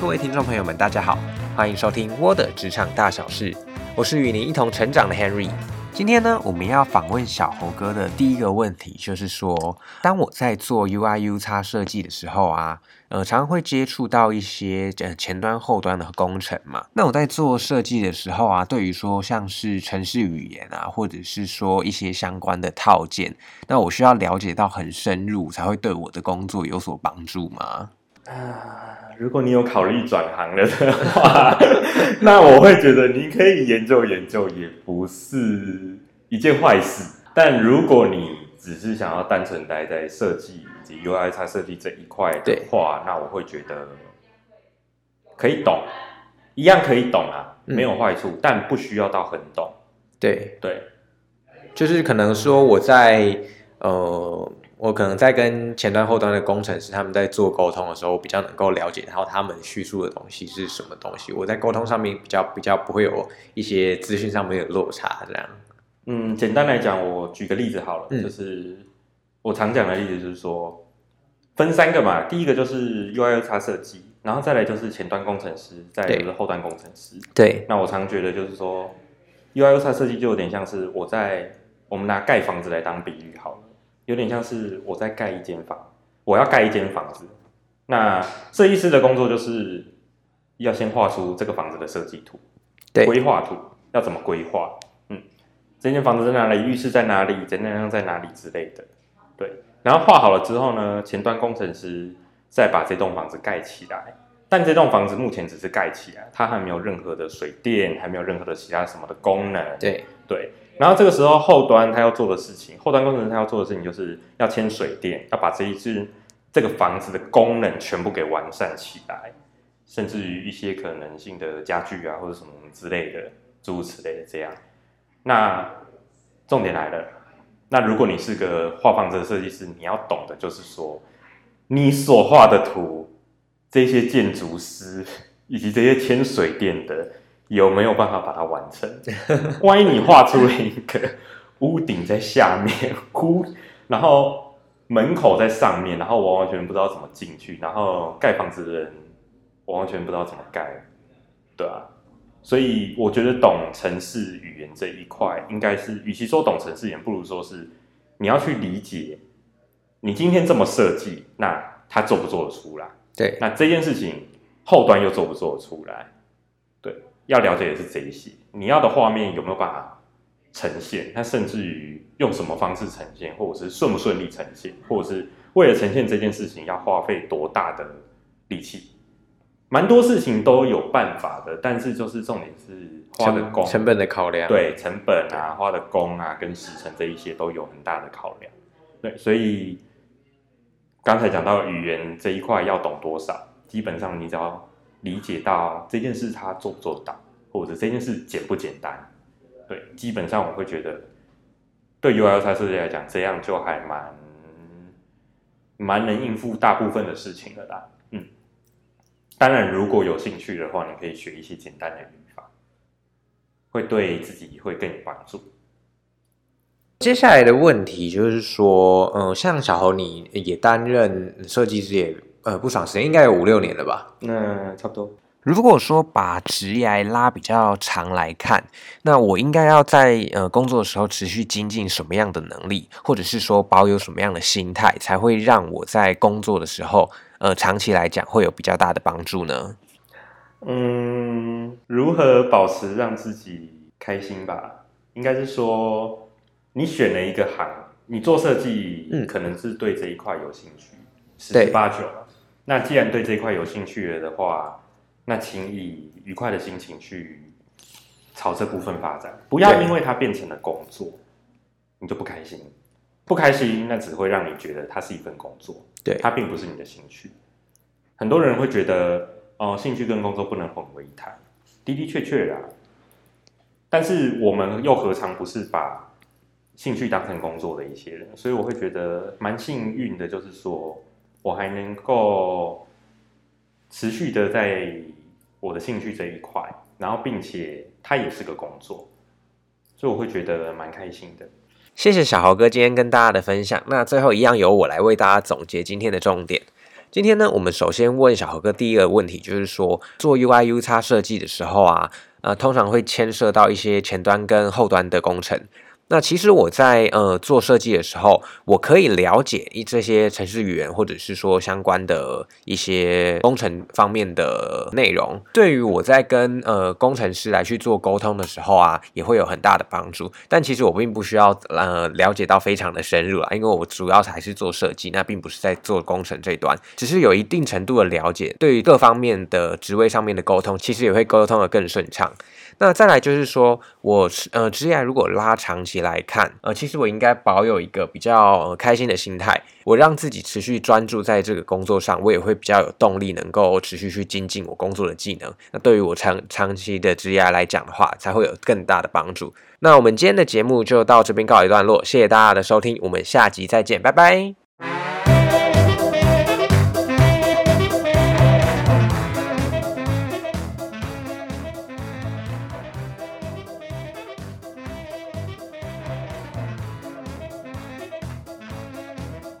各位聽眾朋友們，大家好，歡迎收聽《我的職場大小事》，我是與您一同成長的 Henry。今天呢，我們要訪問小猴哥的第一個問題就是說，當我在做 UI/UX 設計的時候啊，呃，常常會接觸到一些呃前端、後端的工程嘛。那我在做設計的時候啊，對於說像是程式語言啊，或者是說一些相關的套件，那我需要了解到很深入才會對我的工作有所幫助嗎？啊、嗯。如果你有考慮轉行了的話， 那我會覺得你可以研究研究，也不是一件壞事。但如果你只是想要單純待在設計以及 UI UX 設計這一塊的話，對那我會覺得可以懂，一樣可以懂啊，嗯、沒有壞處，但不需要到很懂。對對，對就是可能說我在呃。我可能在跟前端、後端的工程師他們在做溝通的時候，我比較能夠了解，然後他們敘述的東西是什麼東西。我在溝通上面比較比較不會有一些資訊上面有落差這樣。嗯，簡單來講，我舉個例子好了，嗯、就是我常講的例子就是說，分三個嘛，第一個就是 UI/UX 設計，然後再來就是前端工程師，再來就是後端工程師。對，那我常覺得就是說，UI/UX 設計就有點像是我在我們拿蓋房子來當比喻好了。有點像是我在蓋一間房，我要蓋一間房子，那設計師的工作就是要先畫出這個房子的設計圖、規劃對圖，要怎麼規劃，嗯，這間房子在哪裡，浴室在哪裡，等等等在哪裡之類的，對。然後畫好了之後呢，前端工程師再把這棟房子蓋起來，但這棟房子目前只是蓋起來，它還沒有任何的水電，還沒有任何的其他什麼的功能，對對。對然後這個時候後端他要做的事情，後端工程師，他要做的事情就是要牽水電，要把這一支這個房子的功能全部給完善起來，甚至於一些可能性的家具啊或者什麼之類的諸如此類的這樣。那重點來了，那如果你是個畫房子的設計師，你要懂的就是說，你所畫的圖，這些建築師以及這些牽水電的。有沒有辦法把它完成？萬一你畫出了一個屋頂在下面，然後門口在上面，然後我完全不知道怎麼進去，然後蓋房子的人我完全不知道怎麼蓋，對啊，所以我覺得懂程式語言這一塊，應該是與其說懂程式語言，不如說是你要去理解，你今天這麼設計，那他做不做得出來？對，那這件事情後端又做不做得出來？對。要了解的是這一些，你要的畫面有沒有辦法呈現？它甚至於用什麼方式呈現，或者是順不順利呈現，或者是為了呈現這件事情要花費多大的力氣，蠻多事情都有辦法的。但是就是重點是花的工成，成本的考量，對成本啊、花的工啊、跟時程這一些都有很大的考量。對，所以剛才講到語言這一塊要懂多少，基本上你只要。理解到這件事他做不做到，或者這件事簡不簡單，對，基本上我會覺得，對 UI 設計來講，這樣就還蠻蠻能應付大部分的事情了啦。嗯，當然如果有興趣的話，你可以學一些簡單的語法，會對自己會更有幫助。接下來的問題就是說，嗯，像小侯你也擔任設計師也。呃，不少時間應該有五六年了吧？那、嗯、差不多。如果說把職涯來拉比較長來看，那我應該要在呃工作的時候持續精進什麼樣的能力，或者是說保有什麼樣的心態，才會讓我在工作的時候，呃，長期來講會有比較大的幫助呢？嗯，如何保持讓自己開心吧？應該是說，你選了一個行，你做設計，嗯，可能是對這一塊有興趣，十之八九那既然對這一塊有興趣了的話，那請以愉快的心情去朝這部分發展，不要因為它變成了工作，對你就不開心。不開心，那只會讓你覺得它是一份工作，對，它並不是你的興趣。很多人會覺得，哦、呃，興趣跟工作不能混為一談，的的確確啦。但是我們又何嘗不是把興趣當成工作的一些人？所以我會覺得蠻幸運的，就是說，我還能夠持續的在我的興趣這一塊，然後並且它也是個工作，所以我會覺得蠻開心的。謝謝小豪哥今天跟大家的分享。那最後一樣由我來為大家總結今天的重點。今天呢，我們首先問小豪哥第一個問題，就是說做、UI、UI/UX 設計的時候啊，呃，通常會牽涉到一些前端跟後端的工程。那其實我在呃做設計的時候，我可以了解一這些程式語言，或者是說相關的一些工程方面的內容。對於我在跟呃工程師來去做溝通的時候啊，也會有很大的幫助。但其實我並不需要呃了解到非常的深入啊，因為我主要還是做設計，那並不是在做工程這一端，只是有一定程度的了解，對於各方面的職位上面的溝通，其實也會溝通的更順暢。那再來就是說我呃職業如果拉長期來看，呃，其實我應該保有一個比較、呃、開心的心態，我讓自己持續專注在這個工作上，我也會比較有動力，能夠持續去精進我工作的技能。那對於我長長期的職業來講的話，才會有更大的幫助。那我們今天的節目就到這邊告一段落，謝謝大家的收聽，我們下集再見，拜拜。